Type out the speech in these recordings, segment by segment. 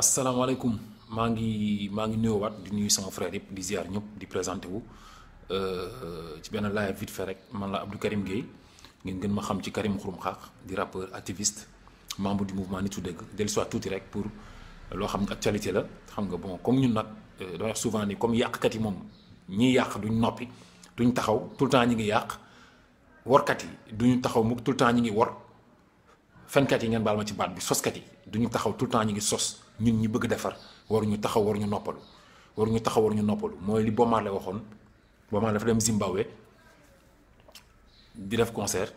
asalaamaaleykum maa ngi mangi ngi nuyoowaat di nuyu sama frère yep di ziar ñep di présenter wu euh, ci ben live vite fait rek man la Abdou Karim Gueye ngeen gën ma xam ci Karim Xurum Xaax di rappeur activiste membre du mouvement Nittu Dëgg dellu si waat tuuti rek pour lo xam actualité la xam nga bon comme ñun nak euh, da wax souvent ni comme yàqkat yi moom yak yàq duñ nopi duñ taxaw tout le temps ñi ngi yàq workat yi taxaw mu tout le temps ñi ngi wor fenkat yi ngeen bal ma ci baat bi soskat yi duñu taxaw tout le temps ñi ngi sos ñun ñi bëgg defar waruñu taxaw waruñu noppalu waruñu taxaw waruñu noppalu mooy li bomaar la waxoon bomaar dafa dem zimbabwe di def concert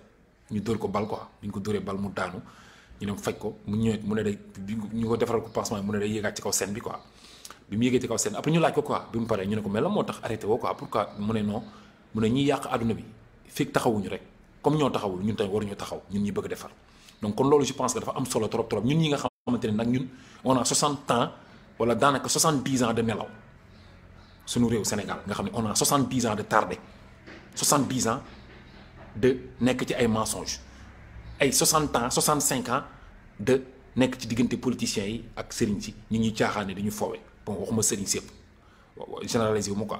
ñu dóor ko bal quoi biñ ko dóoree bal mu daanu ñu dem faj ko mu ñëwee mu ne day ñu ko defaral ko pansement mu ne day yéegaat ci kaw scène bi quoi bi mu yéegee ci kaw scène après ñu laaj ko quoi bi mu paree ñu ne ko mais lan tax arrêté woo quoi pourquoi mu ne non mu ne ñiy yàq àdduna bi fekk taxawuñu rek comme ñoo taxawul ñun taxaw ñun ñi bëgg defar donc on je pense que dafa am solo trop trop ñun Nous, on a 60 ans wala daanaka 70 ans de se suñu au Sénégal on a 70 ans de tardé 70 ans de nekk ci ay mensonges ay 60 ans 65 ans de nekk ci politicien politiciens yi ak sëriñ ci ñi ñi caaxaane dañu fowé bon waxuma sëriñ sépp généraliser wu ma quoi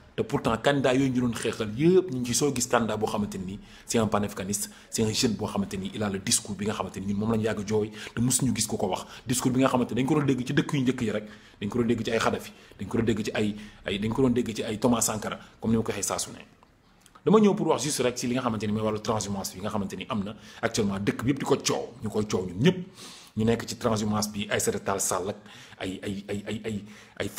te pourtant candidat yooyu ñu doon xeexal yëpp ñu ci soo gis candidat boo xamante ni c'est un panafricaniste c'est jeune boo xamante ni a discours bi nga xamante ñun moom lañu yàgg jooy te mosuñu gis ko ko wax discours bi nga xamante dañ ko doon dégg ci ay Thomas Sankara comme ni ma ko waxee saa ne dama ñëw pour wax juste rek ci li nga xamante ni mooy wàllu transhumance bi nga xamante am na actuellement dëkk bi yëpp di ko coow ñu koy coow ñu nekk ci transhumance bi Aïssata Tall Sall ak ay ay ay ay ay ay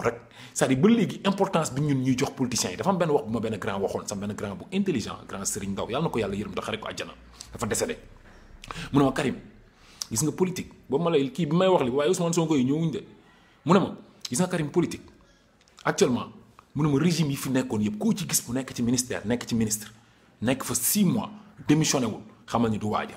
rek c'est-à-dire ba léegi importance bi ñun ñuy jox politiciens yi dafa am benn wax bu ma benn grand waxoon sama benn grand bu intelligent grand Serigne Ndaw yàlla na ko yàlla yërëm te xare ko àjjana dafa décédé mu ne ma Karim gis nga politique boobu ma lay kii bi may wax li waaye Ousmane Sonko yi ñëwuñ de mu ne ma gis nga Karim politique actuellement mu ne ma régime yi fi nekkoon yëpp koo ci gis bu nekk ci ministère nekk ci ministre nekk fa six mois démissionné wul xamal ni du waaja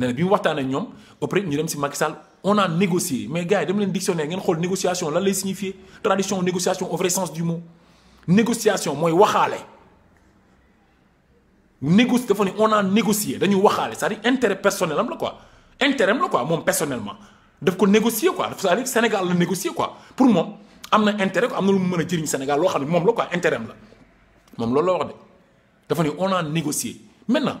nee bi mu après ñu dem ci Macky Sall on a négocié mais gars yi dem len dictionnaire ngeen xol négociation lan lay signifier tradition négociation au vrai sens du mot négociation moy waxale négocie dafa ne on a négocié dañu waxale c'est-à-dire intérêt personnel am la quoi intérêt am la quoi moom personnellement daf ko négocier quoi c'est-à-dire Sénégal la négocier quoi pour moi, amna intérêt amna lu mu jëriñ Sénégal lo xamni mom la quoi intérêt am la mom loolu la wax de dafa on a négocié maintenant.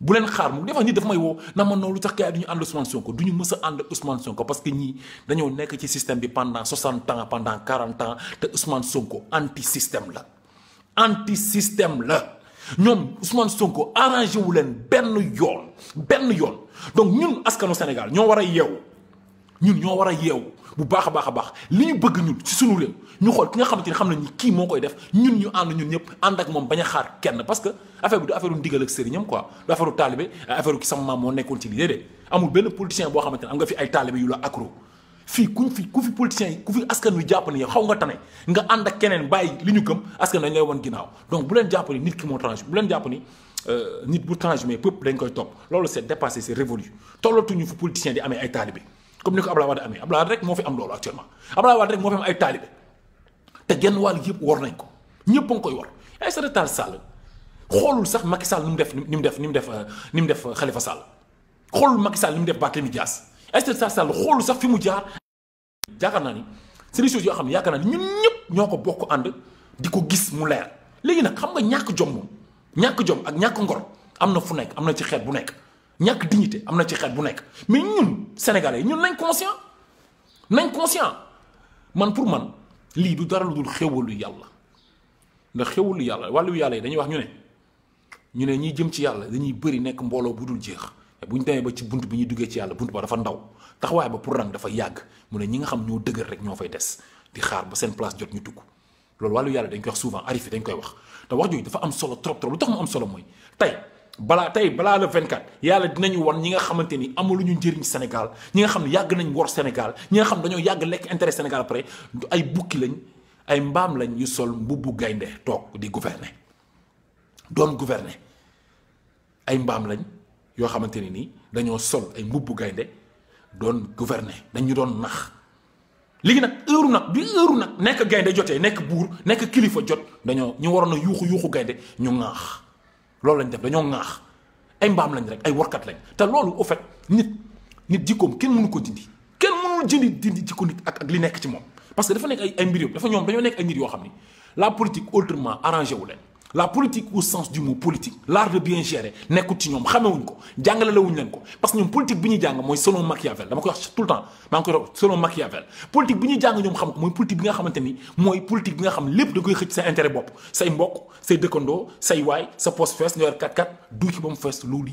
bu leen xaar mu defa ñi daf may woo na noonu lu tax gars yi du ñu ànd Ousmane Sonko du ñu mës a ànd Ousmane Sonko parce que ñii dañoo nekk ci système bi pendant 60 ans pendant 40 ans te Ousmane Sonko anti système la anti système la ñoom Ousmane Sonko arrangé wu leen benn yoon benn yoon donc ñun askanu Sénégal ñoo war a yeewu ñun ñoo war a yeewu bu baax a baax a baax li ñu bëgg ñun ci sunu réew ñu xool ki nga xamante ni ni kii moo koy def ñun ñu and ñun ñep and ak mom baña xaar kenn parce que affaire bi du affaire u ndigal ak sëriñam quoi du affaire u taalibe affaire ki sama maam moo nekkoon ci lii amul benn politicien bo xamanteni am nga fi ay talibé yu la accro fi kuñ fi ku fi politicien ku fi askan wi jàpp ne xaw nga tané nga and ak kenen bay liñu gëm askan dañ lay won ginaaw donc bu len japp ni nit ki mo tranché bu len japp ni euh nit bu mais peuple dañ koy top lolu c'est dépassé c'est révolu tollatuñu fu politicien di amé ay talibé comme ni ko Abdoulaye Wade amee Abdoulaye Wade rek mo fi am lolu actuellement Abdoulaye Wade rek mo fi am ay talibé te genn wàll yëpp war nañ ko ñëpp a ngi koy war Aïssata Tall Sall sax Macky Sall ni def ni def ni def euh, ni def euh, Khalifa Sall xoolul Macky Sall ni def Barthélémy Dias Est ce Sall xoolul sax fi mu jaar. yaakaar ni c'est des choses yo xam ne yaakaar ni ñun ñëpp ñoko ko bokk ànd gis mu leer léegi nak xam nga ñak jom ñak jom ak ñak ngor am fu nek am ci xet bu nek ñak dignité am ci xet bu nek mais ñun sénégalais ñun nañ conscient nañ conscient man pour man. lii du dara lu dul xéwalu yàlla ndax xéwalu yàlla wàllu yàlla yi dañuy wax ñu ne ñu ne ñiy jëm ci yàlla dañuy bëri nekk mbooloo bu dul jeex bu ñu demee ba ci bunt bi ñuy duggee ci yàlla bunt ba dafa ndaw taxawaay ba pour rang dafa yàgg mu ne ñi nga xam ñoo dëgër rek ñoo fay des di xaar ba seen place jot ñu dugg loolu wàllu yàlla dañ koy wax souvent arrivé dañ koy wax te wax jooju dafa am solo trop trop lu tax mu am solo mooy tey balaa tey balaa le 24 yàlla dinañu won ñi nga xamante ni amaluñu njëriñ Sénégal ñi nga xam ne yàgg nañ wor Sénégal ñi nga xam dañoo yàgg lekk intérêt Sénégal après ay bukki lañ ay mbaam lañ yu sol mbubbu gaynde toog di gouverner doon gouverner ay mbaam lañ yoo xamante ni nii dañoo sol ay mbubbu gaynde doon gouverner dañu doon nax léegi nag heure nag bi heure nag nekk gaynde jotee nekk buur nekk kilifa jot dañoo ñu waroon na yuuxu yuuxu gaynde ñu naax loolu lañ def dañoo ngax ay mbam lañ rek ay warkat lañ te loolu au fait nit nit jikom kenn mënu ko dindi kenn mënul jindi dindi jikko nit ak ak li nekk ci mom parce que dafa nek ay ay mbir dafa ñom dañoo nek ay nit yo xamni la politique autrement arrangé wu leen la politique au sens du mot politique l'art de bien gérer n'est ci ñoom xamewuñ ko jàngale la parce que la politique que nous selon Machiavel dama le tout le temps selon Machiavel politique que nous politique bi nga politique bi nga xam intérêt say mbokk say c'est say sa poste qui kat kat du ci c'est loolu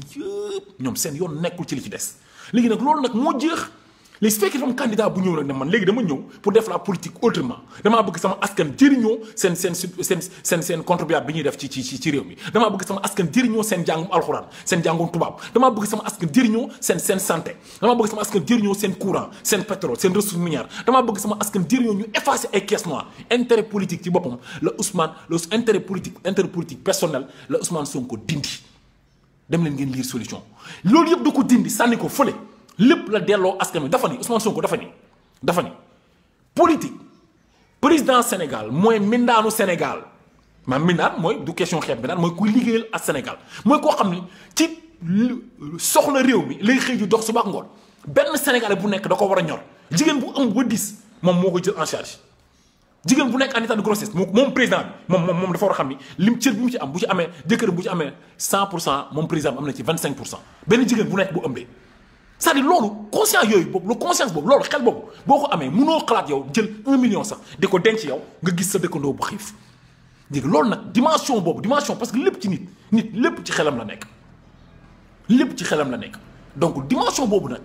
nous su fekkee candidat bu autrement. je ne man pour la politique autrement un bëgg sama askan jëriñoo sen sen je seen seen contribuable bi ñuy def ci ci ci réew mi damaa bëgg sama askan jëriñoo seen jàngum alxuraan seen jàngum Je damaa bëgg sama askan nous, seen seen santé bëgg sama askan un courant un pétrole seen ressource minière damaa bëgg sama askan jëriñoo ñu effacer ay caisse noires. intérêt politique ci le Ousmane le intérêt politique intérêt politique personnel le Ousmane Sonko dindi dem leen ngeen lire solution loolu yëpp da dindi sànni ko lepp la delloo askan wi dafa ni Ousmane Sonko dafa ni dafa ni politique président Sénégal mooy mindaanu Sénégal maanaam mindaan moy du question xeeb mindaan moy kuy liggéeyal ak Sénégal moy ko xamni ci soxna rew mi lay xëy ju dox suba ngor ngoon benn Sénégalais bu nek da ko war ñor jigen bu am ba dis mom moko ko jël en charge jigen bu nek en état de grossesse mom président mom mom mom dafa war a ni lim cër bu mu ci am bu ci amé jëkkër bu ci amé 100 mom président amna ci 25 pour cent benn jigéen bu nek bu ëmbé c'est-à-dire loolu conscience yooyu boobu la conscience bob lolu xel bob boko amé amee xalat yow jël 1 million sax diko ko denc yow nga gis sa dëkkandoo bu xif léegi lolu nak dimension bob dimension parce que lepp ci nit nit lepp ci xelam la nek lepp ci xelam la nek donc dimension bob nak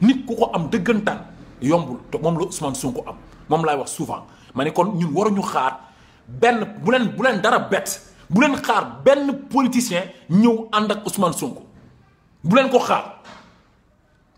nit ku ko am dëggantaan yombul te moom la Ousmane Sonko am mom lay wax souvent mané kon ñun waru ñu xaar ben bu len bu len dara bett bu len xaar ben politicien ñew ànd ak Ousmane Sonko bu len ko xaar.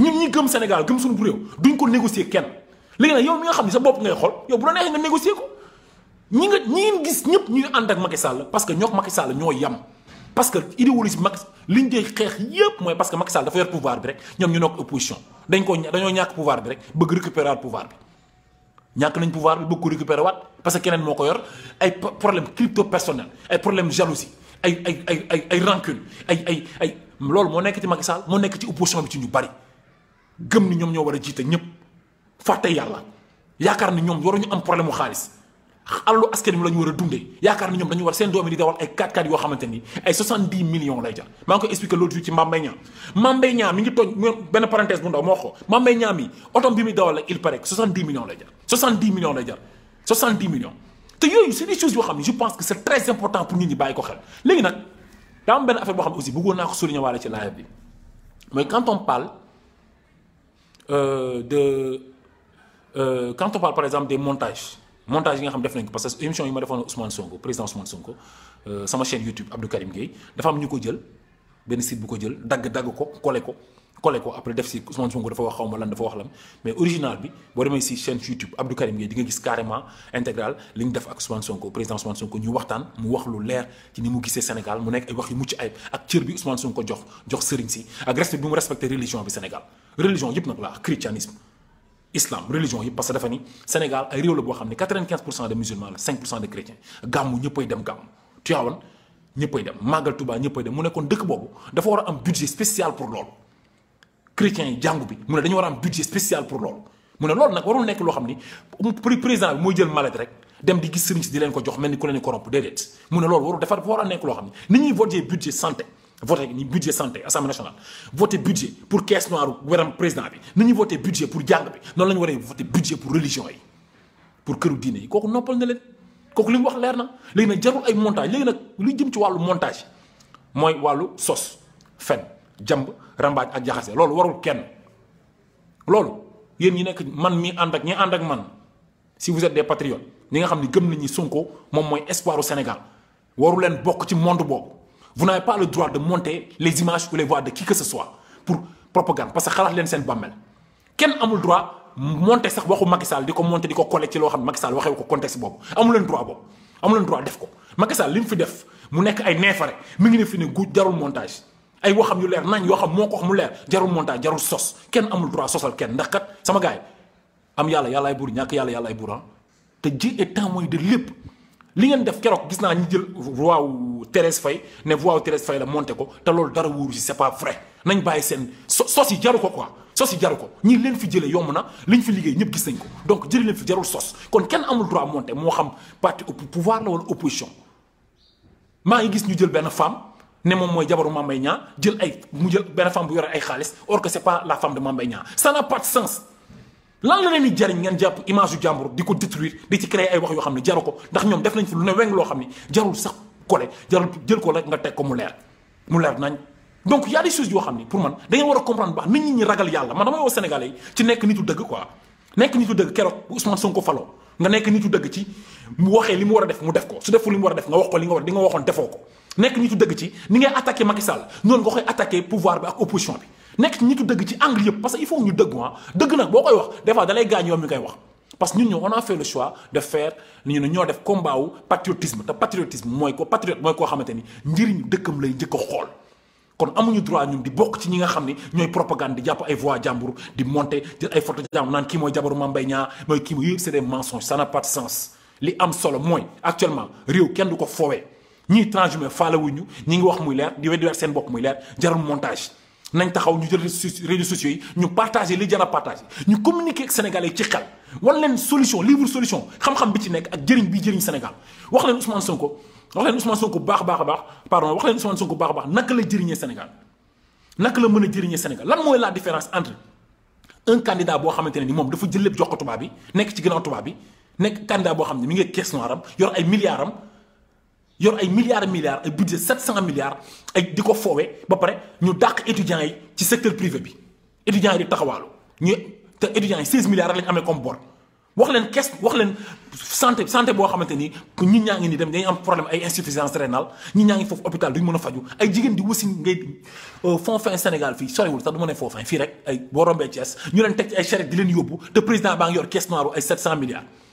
ñun ñi gëm Sénégal gëm suñu réew duñ ko négocier kenn léegi nag yow mi nga xam ne sa bopp ngay xool yow bu la neexee nga négocier ko ñi nga ñi ngeen gis ñëpp ñuy ànd ak Macky Sall parce que ñook Macky Sall ñoo yam parce que idéologie Max, liñ koy xeex yépp mooy parce que Macky Sall dafa yor pouvoir bi rek ñoom ñu nekk opposition dañ ko dañoo ñàkk pouvoir bi rek bëgg récupérer pouvoir bi ñàkk nañ pouvoir bi bëgg ko récupérer waat parce que keneen moo ko yor ay problème crypto personnel ay problème jalousie ay ay ay ay ay rancune ay ay ay loolu moo nekk ci Macky Sall moo nekk ci opposition bi ci ñu bari gëm ni ñoom ñoo wara jité ñëpp faté yalla yaakar ni ñom waru ñu am problème xaaliss xaalis alalu askan wi la ñu war a ni ñom dañu war seen doomi di dawal ay 4 4 yo xamanteni ay 70 millions lay jar maa ngi koy expliqué l'autre jour ci Mame Mbaye Niang Mame mi ngi togn benn parenthèse bu ndaw mo ko Mame Mbaye mi autom bi mi dawal la il paraît 70 millions lay jar 70 millions lay jar 70 millions te yoyu c'est des choses yo xamni je pense que c'est très important pour nit ñi bàyyi ko xel légui nak daa am benn affaire bo xamni aussi bëggoon naa ko souligner wala ci live bi mais quand on parle euh, de euh, quand on parle par exemple des montages montage nga xam def parce que émission yi ma Ousmane Sonko président Ousmane Sonko euh, sama chaîne YouTube Abdou Karim Gueye dafa am ñuko jël l'a site bu ko jël dag dag ko collé ko ko après Ousmane Sonko dafa wax lan dafa wax mais original bi bo chaîne YouTube Abdou Karim Gueye di nga gis carrément intégral li président Ousmane Sonko ñu waxtaan mu wax lu ci ni mu Sénégal mu ay wax mucc ak bi Ousmane Sonko jox jox sëriñ si ak respect bi mu religion bi Sénégal religion yep nag laa christianisme islam religion yep parce que dafa Sénégal ay réew la boo xam 95% de musulmans la cinq de chrétiens gamu ñeppay dem gàmmu Tiwaawan ñeppay dem magal touba ñeppay dem mu nekkoon dëkk bobu dafa wara a am budget spécial pour loolu chrétiens yi bi mu ne dañu a am budget spécial pour loolu mu ne loolu nak warul nek lo xamné président bi mooy jël malade rek dem di gis sëriñ si di len ko jox melni ko ku leen corrompre mu ne loolu warul dafa war a nekk loo xam ni ñi voter budget santé voter ni budget santé assemblée nationale voter budget pour caisse noire wéram président bi nañu voter budget pour jang bi non lañu wéré voter budget pour religion yi pour këru diine yi kooku noppal na leen koku limu mu wax leer na léegi nag jarul ay montage légui nak lu jëm ci walu montage moy walu sos fen jamb rambaaj ak jaxase loolu warul kenn loolu yeen ñi nek man mi ànd ak ñi ànd ak man si vous êtes des patriotes ñi nga xamni gëm nañ ni Sonko moom espoir espoiru Sénégal waru leen bok ci monde boobu vous n'avez pas le droit de monter les images ou les voix de qui que ce soit pour propagande parce que ce que seen bàmmeel a le droit monter sax waxu Macky Sall monter di coller ci xam Macky Sall de ko contexte Il droit Il A le droit def ko Macky Sall fi def mu ay Il fi gu jarul montage ay waxam yu xam Il mu jarul montage jarul sos a droit sosal ndax kat sama gars a yalla de Dieu. te ji est temps de libre li ngeen def kérok gis na ñu jël voix wu Thérèse Faye ne voix wu Thérèse Faye la monté ko té lool dara wuuru ci c'est pas vrai nañ bàyyi sen so sos yi jaru quoi sos yi jaru ko leen fi jëlee yomb na liñ fi liggéey ñëpp gis nañ ko donc jëri leen fi jarul sos kon kenn amul droit monté mo xam parti au pouvoir la wala opposition ma ngi gis ñu jël ben femme né mom moy jabaru Mame Mbaye jël ay mu jël ben femme bu yore ay xaalis or que c'est pas la femme de Mame Mbaye ça n'a pas de sens lan la leen jarign ngeen japp image yu jàmbur di détruire di ci créer ay wax yo xamni jaroko ndax ñom def nañ fi lu ne weng lo xamni jarul sax kole jarul jël ko rek nga tek ko mu leer mu leer nañ donc il y a des choses yo xamni pour man da ngeen wara comprendre baax nit ñi ñi ragal yalla man dama woo sénégalais ci nekk nitu dëgg quoi nekk nitu dëgg keroog Ousmane Sonko fallo nga nekk nitu dëgg ci mu waxé limu wara def mu def ko su deful li mu war def nga wax ko li nga war di nga waxon defoo ko nekk nitu dëgg ci ni ngay attaquer Macky Sall non nga xoy attaquer pouvoir bi ak opposition bi nekk ci nitu dëgg ci angle yëpp parce que il faut ñu dëgg hein ah. dëgg nag boo koy wax des fois dalay lay gaañ yoon mi koy wax parce que ñun ñoo on a fait le choix de faire ñu ne ñoo def combat wu patriotisme te patriotisme mooy ko patriote mooy koo xamante ni njëriñu dëkkam lay njëkk a xool kon amuñu droit ñun di bokk ci ñi nga xam ni ñooy propagande di jàpp ay voix jàmbur di monter jël ay photo jàmbur naan kii mooy jabaru Mame Mbaye Niang mooy kii mooy yëpp c'est des mensonges ça n'a pas de sens li am solo mooy actuellement réew kenn du ko foowee ñiy transhumé faale wuñu ñi ngi wax muy leer di weddi weer seen bopp muy leer jarul montage nous partageons les jël réseaux sociaux Nous ñu li a ñu sénégalais solution une solution xam Sénégal wax leen Ousmane Sonko wax leen Ousmane Sonko baax pardon wax leen Ousmane Sonko baax la Sénégal la qui a Sénégal la différence entre un candidat boo y faut ni moom dafa jël lépp jox ko ci un candidat milliards un ay milliards milliards un budget 700 milliards et di nous ba ñu étudiants dans le secteur privé Les étudiants sont di ñu étudiants 16 milliards lañ comme bor wax leen wax leen santé santé des problèmes ni ñi ñaa ni dem am problème ay insuffisance rénale ñi hôpital duñ a faju ay jigéen di ngay euh, fin Sénégal président 700 milliards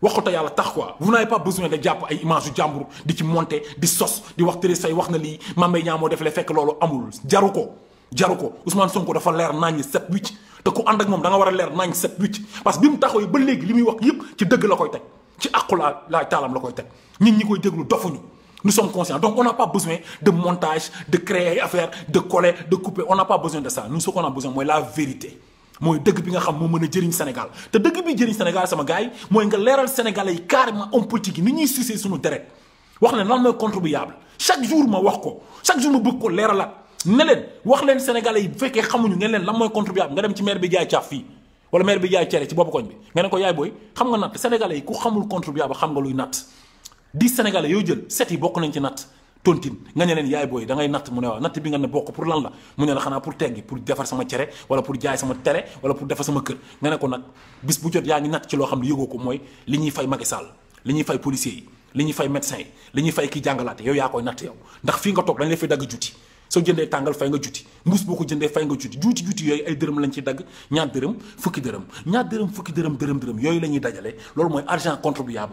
wax ko te tax quoi vous n'avez pas besoin de japp ay image du jambour di ci monter di sos di wax tëre say wax na li mamay Mbaye def le fekk lolu amul jaru ko jaru ko Ousmane Sonko dafa leer naññ set wicc te ku ànd ak moom da nga wara a leer naññ set parce que taxoy ba léegi li muy wax yépp ci deug la koy tek ci àqu la laay taalam la koy tek nit ñi koy déglu dofuñu nous sommes conscients donc on n'a pas besoin de montage de créer affaire de coller de couper on n'a pas besoin de ça nous ce qu'on a besoin moy la vérité mooy dëgg bi nga xam moo mën a jëriñ Sénégal te dëgg bi jëriñ Sénégal sama gars yi mooy nga leeral Sénégalais yi carrément homme politique yi ni ñuy sucé suñu deret wax leen lan mooy contribuable chaque jour ma wax ko chaque jour ma bëgg ko leeralaat ne wax leen Sénégalais yi bu fekkee xamuñu ngeen leen lan mooy contribuable nga dem ci maire bi jaay caaf fii wala maire bi jaay cere ci bopp koñ bi nga ne ko yaay booy xam nga natt Sénégalais yi ku xamul contribuable xam nga luy natt 10 jël 7 yi bokk nañ ci natt tontine nga ne leen yaay booy da ngay natt mu ne waaw natt bi nga ne bokk pour lan la mu ne la xanaa pour teggi pour defar sama cere wala pour jaay sama télé wala pour defar sama kër nga ne ko nag bis bu jot yaa ngi natt ci loo xam ne yow yaa koy natt yow ndax fii nga toog dañ lay fay dagg juuti soo jëndee tàngal fay nga juuti mbuus boo ko jëndee fay nga juuti juuti juuti yooyu ay dërëm lañ ci dagg ñaar dërëm fukki dërëm ñaar dërëm fukki dërëm la ñuy dajale loolu mooy argent contribuable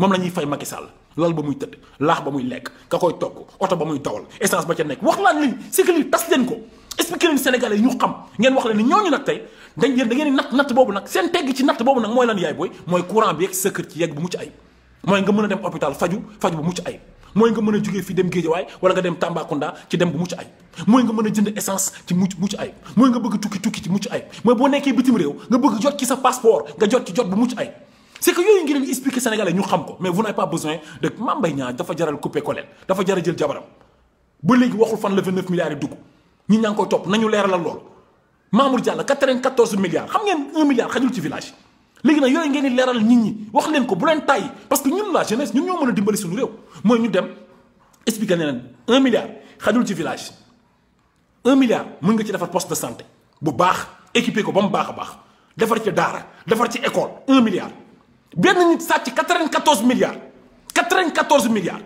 mom lañuy fay Macky Sall lal ba muy teud lax ba muy lek ka koy tok auto ba muy dawal essence ba ca nek wax lan li c'est que li tass len ko expliquer len sénégalais ñu xam ngeen wax len ñoñu nak tay dañ ngeen da ngeen nat nat bobu nak sen tegg ci nat bobu nak moy lan yaay boy moy courant bi ak secret ci yegg bu mucc ay moy nga mëna dem hôpital faju faju bu mucc ay moy nga mëna joggé fi dem way wala nga dem Tambacounda ci dem bu mucc ay moy nga mëna jënd essence ci mucc mucc ay moy nga bëgg tukki tukki ci mucc ay moy bo nekké bitim réew nga bëgg jot ci sa passeport nga jot ci jot bu mucc ay c'est que vous que expliquer Sénégalais nous xam ko mais vous n'avez pas besoin de Mame Mbaye vous dafa jaral couper dafa jaral jël jabaram waxul fan la 29 milliards de dugg ñi ñaa ngi koy l'air de Mamour Diallo 94 milliards Vous ngeen 1 milliard xajul ci village qui n'a ñi wax leen parce que ñun la jeunesse ñun moi nous ñu dem expliquer 1 milliard vous ci village 1 milliard vous avez ci poste de santé bu baax équipé ko baax 1 milliard benn nit sàcc 94 milliards 94 milliards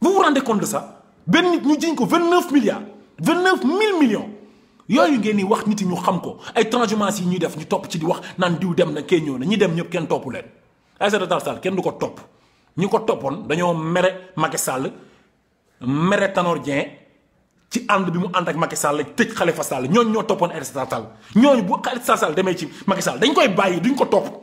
vous vous rendez compte de ça benn nit ñu jiñ ko 29 milliards 29 mille millions yooyu ngeen di wax nit yi ñu xam ko ay transhumance yi ñuy def ñu topp ci di wax naan diw dem na kee na ñi dem ñëpp kenn toppu leen. Aïssata Tall Sall kenn du ko topp ko toppoon dañoo mere Macky Sall mere Tanor Dieng ci ànd bi mu ànd ak Macky Sall tëj Khalifa Sall ñooñu ñoo toppoon Aïssata Tall Sall ñooñu bu Aïssata Tall Sall ci Macky Sall dañ koy bàyyi duñ ko topp.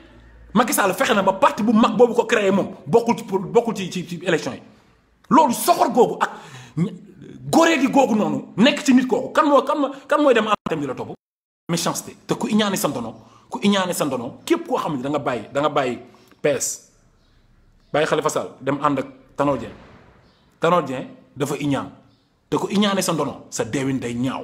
Macky Sall fexe na ba parti bu créer créé beaucoup ci pour bokkul ci ci élection yi loolu soxor googu ak góoree di googu noonu nekk ci nit kan kan dem di la méchanceté te a iñaane santono ku iñaane santono a koo xam ne da nga da nga PS Khalifa Sall dem ànd Tanodien. Tanor Dieng Tanor Dieng dafa a te ku iñaane a sa deewin day ñaaw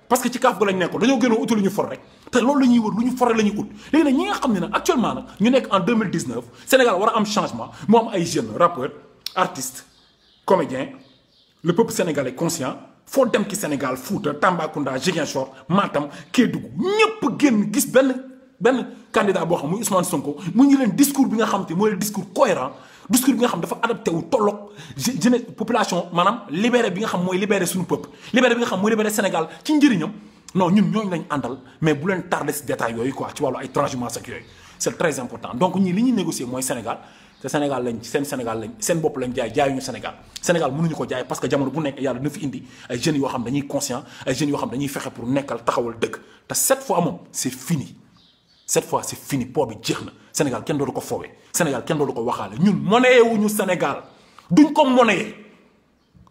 parce que ci kaaf ga lañ nekkoon dañoo gënoon uti lu ñu for rek té loolu lañuy wër luñu foré lañuy la ñuy ut léegi nag ñi nga xamné nak actuellement nak ñu nekk en 2019 Sénégal wara am changement mo am ay jeunes rappeurs artistes comédiens le peuple sénégalais conscient fo dem ki Sénégal Fouta Tambacounda Ziguinchor Matam Kédougou ñepp génn gis ben ben candidat bo xam muy Ousmane Sonko mu ñu leen discours bi nga xam té te le discours cohérent discours bi nga xam dafa adapté wu tolok jeune population manam libéré bi nga xam moy libéré suñu peuple libéré bi nga xam moy libéré Sénégal ci njëriñam non ñun ñooñu lañ andal mais bu len tardé si détail yooyu quoi ci walu ay transhumance ak yooyu c'est très important donc ñi li ñi négocier moy Sénégal te Sénégal lañ sen Sénégal lañ sen bop lañ jaay jaay ñu Sénégal Sénégal mënuñu ko jaay parce que jamono bu nekk yalla dina fi indi ay jeunes yo xam dañuy conscient ay jeunes yo xam dañuy fexé pour nekkal taxawal deug ta cette fois moom c'est fini cette fois c'est fini pob bi jeex Sénégal kenn do ko Sénégal kenn do ko waxaale Nous monnaie wuñu Sénégal duñ ko monnaie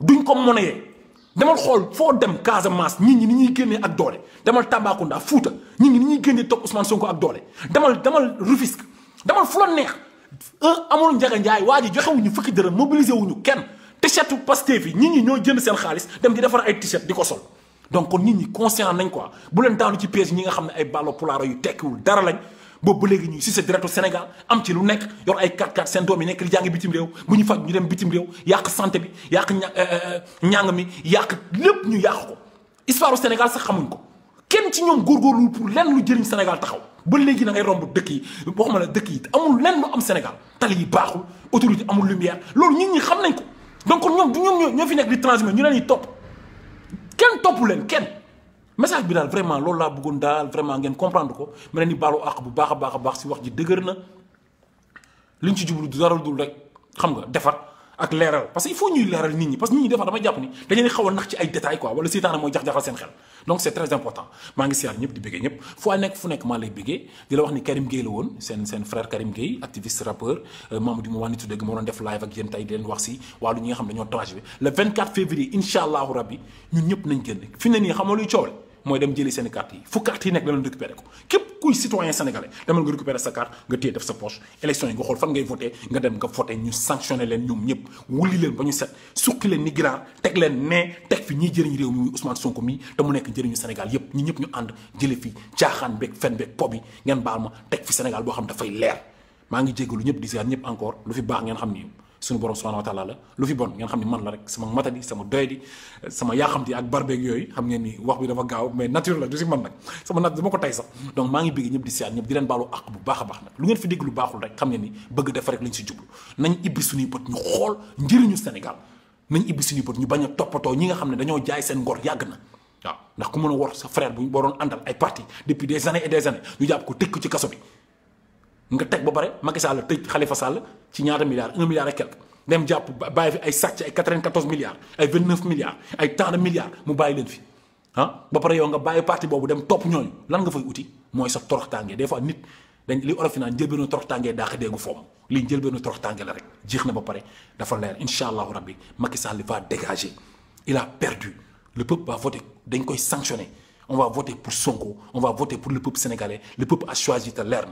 duñ ko monnaie demal xol fo dem Casamance ñi ñi ni ñuy génnee ak doolé demal Tambacounda Fouta ñi ñi ni ñuy génnee Ousmane Sonko ak doolé demal demal Rufisque demal fu neex amul njaga njaay waa joxé wuñu fukki mobiliser wuñu kenn t-shirt ñi ñoo jënd seen xaaliss dem di défar ay t-shirt donc ñi conscient nañ quoi bu ci nga ay ballo dara lañ boobu ba ñuy si c'est direct au Sénégal am ci lu nekk yor ay 4-4 symptômes doom nekk li jàngi bitim réew bu ñu faj ñu dem bitim rew yak santé bi yak ñang euh, euh, mi yak lepp ñu yak ko histoire au Sénégal sax xamuñ ko kenn ci ñom gor gor lu pour lenn lu jëriñ Sénégal taxaw ba léegi da ngay romb dekk yi waxuma la dekk yi amul lenn lu am Sénégal tali yi baaxul autorité amul lumière loolu ñitt ñi xam nañ ko donc ñom du ñom ñoo fi nekk di transmettre ñu leen di topp kenn topu leen kenn message bi dal vraiment loolu la bëggoon dal vraiment ngeen comprendre ko ma ne ni baalu àq bu baaxa baaxa baax a si wax ji dëgër na liñ ci jublu du dara dul rek xam nga defar ak leeral parce que il faut ñuy leeral nit ñi parce que nit ñi defar dama japp ni dañ xaw a nax ci ay détails quoi wala seytaane mooy jax-jaxal seen xel donc c'est très important ma ngi siyal ñëpp di bëggé ñëpp fu nek fu nek ma lay bëggé di la wax ni Karim Gueye la woon seen seen frère Karim Gueye activiste rappeur euh, Mamadou Mouwane nitu dëgg moo doon def live ak yéen tey di leen wax si walu ñi nga xam dañoo tranché le 24 février inshallah rabbi ñun ñëpp nañ génn fi ne ni xam nga luy coowle moy dem jëli sen carte yi fu carte yi nekk demal récupérer ko kep kuy citoyen sénégalais demal nga récupérer sa carte nga téye def sa poche élection yi nga xol fan ngay voter nga dem nga voter ñu sanctionné leen ñoom ñep wuli leen bañu ñu set suqi leen ni giraar tek leen ne teg fi ñi jëriñ réew mi Ousmane Sonko mi te mu nekk njëriñu Sénégal yépp ñi ñep ñu and jële fi tiaxan bek fen bek po bi ngeen baal ma tek fi Sénégal bo xam da fay leer ma ngi jégalu ñep di siyaar ñëpp encore lu fi baax ngeen xam ni sunu borom subhanahu wa ta'ala la lu fi bon ngeen xamni man la rek sama matadi sama di sama yaxamti ak barbe ak yoy xam ngeen ni wax bi dafa gaaw mais nature la du ci man nak sama nat dama ko tay sax donc ma ngi bëgg ñëpp di siat ñëpp di leen balu ak bu baaxa baax nak lu ngeen fi dégg lu baaxul rek xam ngeen ni bëgg def rek luñ ci jublu nañ ibbi suñuy bët ñu xool njëriñu sénégal nañ ibbi suñuy bët ñu baña topato ñi nga xamni dañoo jaay seen ngor yag na waaw ndax ku mëna wor sa frère bu ñu boo ay parti depuis des années et des années ñu japp ko tekk ci kasso bi nga teg ba bare Macky Sall tëj Khalifa Sall ci ñaata milliards 1 milliard et quelque dem japp baye fi ay sàcc ay 94 milliards ay 29 milliards ay tant de milliards mu baye leen fi han ah, ba pare yow nga baye parti bobu dem top ñooñu lan nga fay outil moy sa toroxtaange des fois nit dañ li olof naan njëlbeenu toroxtaange daa ko dégg foofu lii njëlbeenu toroxtaange la rek jixna ba pare dafa leer inshallah allahu rabbi Macky Sall va dégager il a perdu le peuple va voter dañ koy sanctionner on va voter pour Sonko on va voter pour le peuple sénégalais le peuple a choisi de l'air.